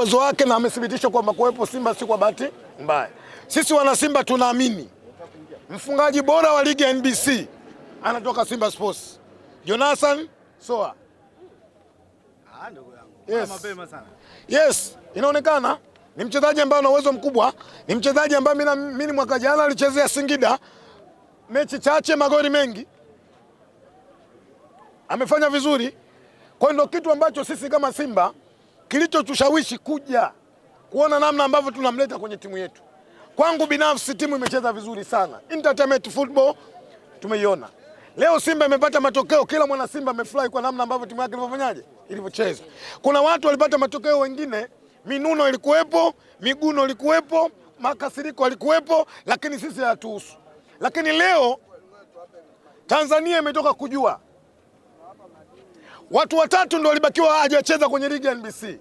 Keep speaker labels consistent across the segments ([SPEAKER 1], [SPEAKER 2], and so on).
[SPEAKER 1] uwezo wake na amethibitisha kwamba kuwepo Simba si kwa bahati mbaya. Sisi wana Simba tunaamini mfungaji bora wa ligi ya NBC anatoka Simba Sports, Jonathan Soa. Ah, yes, yes. Inaonekana ni mchezaji ambaye ana uwezo mkubwa, ni mchezaji ambaye mimi mwaka jana alichezea Singida mechi chache magoli mengi, amefanya vizuri. Kwa hiyo ndio kitu ambacho sisi kama Simba kilichotushawishi kuja kuona namna ambavyo tunamleta kwenye timu yetu. Kwangu binafsi timu imecheza vizuri sana, entertainment football tumeiona leo. Simba imepata matokeo, kila mwana Simba amefurahi kwa namna ambavyo timu yake ilivyofanyaje, ilivyocheza. Kuna watu walipata matokeo wengine, minuno ilikuwepo, miguno ilikuwepo, makasiriko alikuwepo, lakini sisi hatuhusu. Lakini leo Tanzania imetoka kujua watu watatu ndio walibakiwa hajacheza kwenye ligi ya NBC.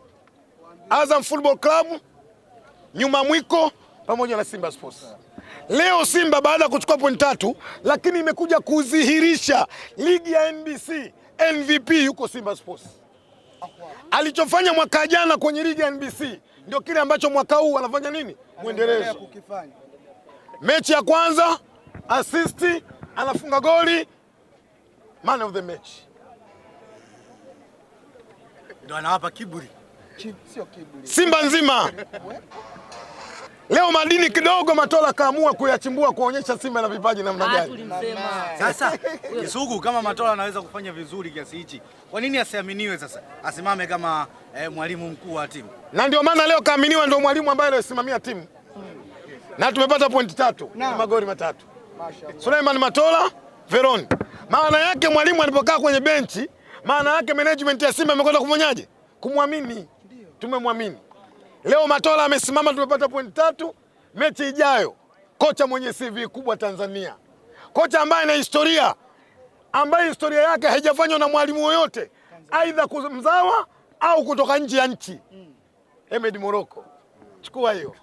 [SPEAKER 1] Azam Football Club, nyuma mwiko pamoja na Simba Sports. Leo Simba baada ya kuchukua pointi tatu, lakini imekuja kudhihirisha ligi ya NBC MVP yuko Simba Sports. Alichofanya mwaka jana kwenye ligi ya NBC ndio kile ambacho mwaka huu anafanya nini, mwendelezo. Mechi ya kwanza asisti, anafunga goli, man of the match,
[SPEAKER 2] ndio anawapa kiburi
[SPEAKER 1] Simba nzima leo madini kidogo Matola kaamua kuyachimbua kuonyesha Simba na vipaji namna gani.
[SPEAKER 2] Sasa Kisugu, kama Matola anaweza kufanya vizuri kiasi hichi, kwa nini asiaminiwe sasa asimame kama eh, mwalimu mkuu wa timu?
[SPEAKER 1] Na ndio maana leo kaaminiwa, ndio mwalimu ambaye anasimamia timu na tumepata pointi tatu na magoli matatu. Suleiman Matola Veron. Maana yake mwalimu alipokaa kwenye benchi, maana yake management ya Simba imekwenda kumonyaje Kumwamini tumemwamini. Leo Matola amesimama, tumepata pointi tatu. Mechi ijayo, kocha mwenye CV kubwa Tanzania, kocha ambaye ana historia, ambaye historia yake haijafanywa na mwalimu yoyote, aidha kumzawa au kutoka nje ya nchi. Ahmed Moroko, chukua hiyo.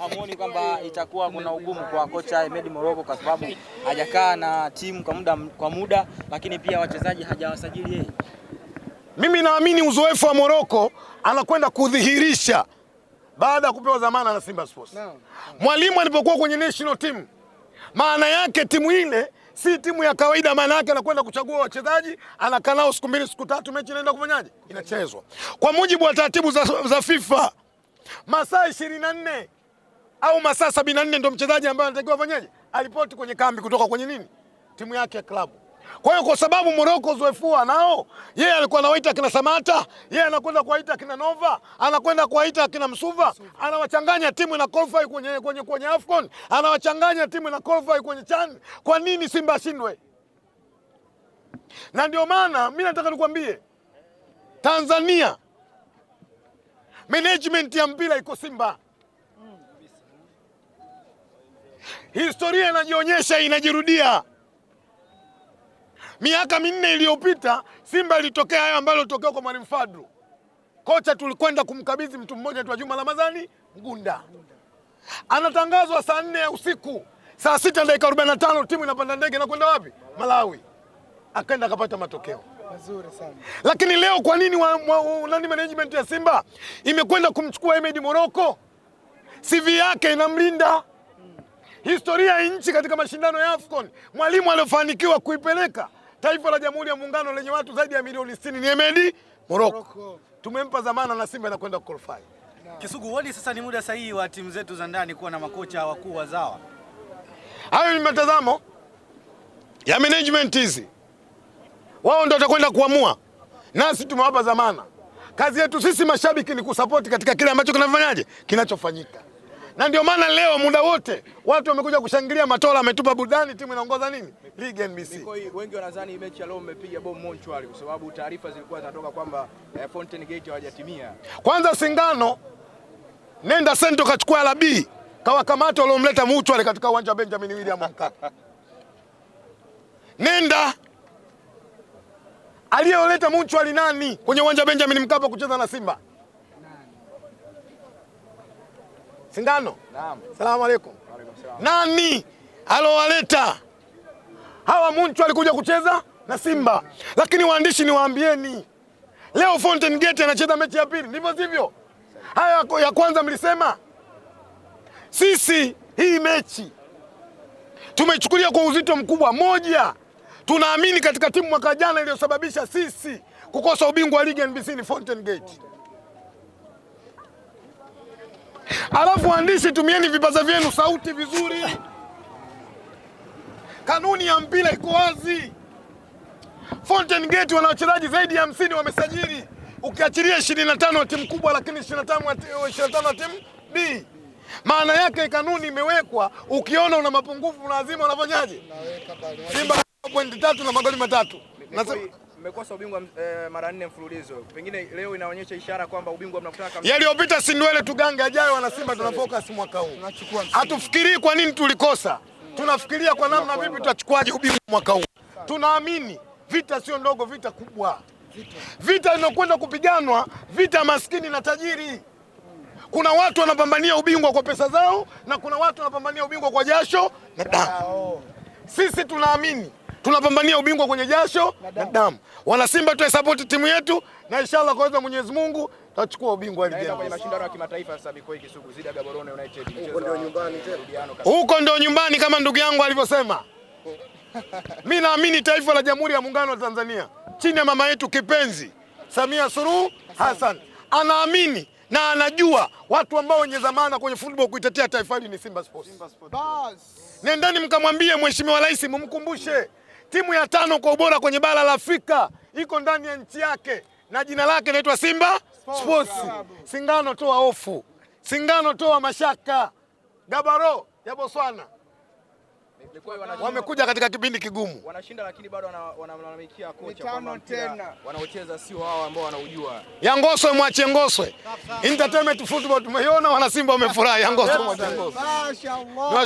[SPEAKER 2] Hamuoni kwamba itakuwa kuna ugumu kwa kocha Ahmed Moroko kwa sababu hajakaa na timu kwa muda, kwa muda lakini pia wachezaji hajawasajili yeye.
[SPEAKER 1] Mimi naamini uzoefu wa Moroko anakwenda kudhihirisha baada ya kupewa dhamana na Simba Sports. No, no. Mwalimu alipokuwa kwenye national team, maana yake timu ile si timu ya kawaida. Maana yake anakwenda kuchagua wachezaji, anakaa nao siku mbili siku tatu, mechi inaenda kufanyaje? Inachezwa kwa mujibu wa taratibu za, za FIFA masaa ishirini na nne au masaa sabini na nne ndio mchezaji ambaye anatakiwa afanyaje, alipoti kwenye kambi kutoka kwenye nini, timu yake ya klabu. Kwa hiyo kwa sababu Moroko uzoefu anao yeye, alikuwa anawaita akina Samata, yeye anakwenda kuwaita akina Nova, anakwenda kuwaita akina Msuva, anawachanganya timu na qualify kwenye, kwenye, kwenye Afcon, anawachanganya timu na qualify kwenye CHAN. Kwa nini Simba ashindwe? Na ndio maana mi nataka nikwambie Tanzania, management ya mpira iko Simba. Historia inajionyesha, inajirudia. Miaka minne iliyopita Simba ilitokea hayo ambalo ilitokea kwa mwalimu fadru Kocha tulikwenda kumkabidhi mtu mmoja tu Juma Ramadhani Mgunda, anatangazwa saa nne ya usiku, saa sita dakika arobaini na tano timu inapanda ndege na kwenda wapi? Malawi. Akaenda akapata matokeo mazuri sana. Lakini leo kwa nini wa, wa, wa, nani management ya Simba imekwenda kumchukua Ahmed Moroko? CV yake inamlinda mm. historia ya nchi katika mashindano ya AFCON, mwalimu aliyofanikiwa kuipeleka taifa la Jamhuri ya Muungano lenye watu zaidi ya milioni 60 ni Emedi Moroko. Tumempa zamana na Simba inakwenda qualify.
[SPEAKER 2] Kisugu, wodi sasa ni muda sahihi wa timu zetu za ndani kuwa na makocha wakuu wazawa.
[SPEAKER 1] Hayo ni matazamo ya management hizi, wao ndio watakwenda kuamua, nasi tumewapa zamana Kazi yetu sisi mashabiki ni kusapoti katika kile ambacho kinafanyaje, kinachofanyika, na ndio maana leo muda wote watu wamekuja kushangilia. Matola ametupa burudani, timu inaongoza nini ligi NBC.
[SPEAKER 2] Nikoi, wengi wanadhani mechi ya leo mmepiga bomu Montreal kwa sababu taarifa zilikuwa zinatoka kwamba eh, Fountain Gate hawajatimia.
[SPEAKER 1] Kwanza singano nenda sento kachukua la B kawakamata waliomleta Montreal katika uwanja wa Benjamin William Mkapa. Nenda aliyoleta Montreal nani kwenye uwanja wa Benjamin Mkapa kucheza na Simba? Singano. Naam. Salamu alaykum. Nani alowaleta hawa Munchu alikuja kucheza na Simba, lakini waandishi niwaambieni leo Fountain Gate anacheza mechi ya pili, ndivyo sivyo? Haya ya kwanza mlisema sisi hii mechi tumechukulia kwa uzito mkubwa. Moja, tunaamini katika timu mwaka jana iliyosababisha sisi kukosa ubingwa wa ligi NBC ni Fountain Gate. Alafu waandishi, tumieni vipaza vyenu sauti vizuri. Kanuni ya mpira iko wazi. Fountain Gate wana wachezaji zaidi ya hamsini wamesajili, ukiachilia 25 wa timu kubwa, lakini 25 wa timu B. Maana yake kanuni imewekwa, ukiona una mapungufu lazima unafanyaje? Simba pointi tatu na magoli matatu
[SPEAKER 2] mmekosa ubingwa e, mara nne mfululizo. Pengine leo inaonyesha ishara kwamba ubingwa mnakutaka kabisa.
[SPEAKER 1] Yaliyopita sindwele ndwele tugange, ajayo wana Simba tuna focus mwaka huu. Hatufikirii kwa nini tulikosa tunafikiria kwa namna vipi tutachukuaje ubingwa mwaka huu. Tunaamini vita sio ndogo, vita kubwa, vita inayokwenda kupiganwa, vita maskini na tajiri. Kuna watu wanapambania ubingwa kwa pesa zao na kuna watu wanapambania ubingwa kwa jasho na damu. Sisi tunaamini tunapambania ubingwa kwenye jasho na damu. Wanasimba, support timu yetu na inshallah, kwa uwezo wa Mwenyezi Mungu tachukua ubingwa ligi kwenye mashindano ya kimataifa sasa Mikoa Kisugu zidi Gaborone United. Huko ndio nyumbani tena. Huko ndio nyumbani kama ndugu yangu alivyosema. Mimi naamini taifa la Jamhuri ya Muungano wa Tanzania chini ya mama yetu kipenzi Samia Suluhu Hassan anaamini na anajua watu ambao wenye zamana kwenye football kuitetea taifa hili ni Simba Sports. Simba Sports. Nendeni mkamwambie Mheshimiwa Rais, mumkumbushe timu ya tano kwa ubora kwenye bara la Afrika iko ndani ya nchi yake na jina lake inaitwa Simba sports. Singano toa hofu, Singano toa mashaka. Gabaro ya Botswana wamekuja katika kipindi kigumu,
[SPEAKER 2] wanashinda lakini bado wanamlalamikia kocha kwa kwamba wanaocheza sio hao ambao wanaujua.
[SPEAKER 1] Yangoswe mwache Ngoswe, entertainment football tumeiona, wanasimba wamefurahi. Yangoswe mwache Ngoswe.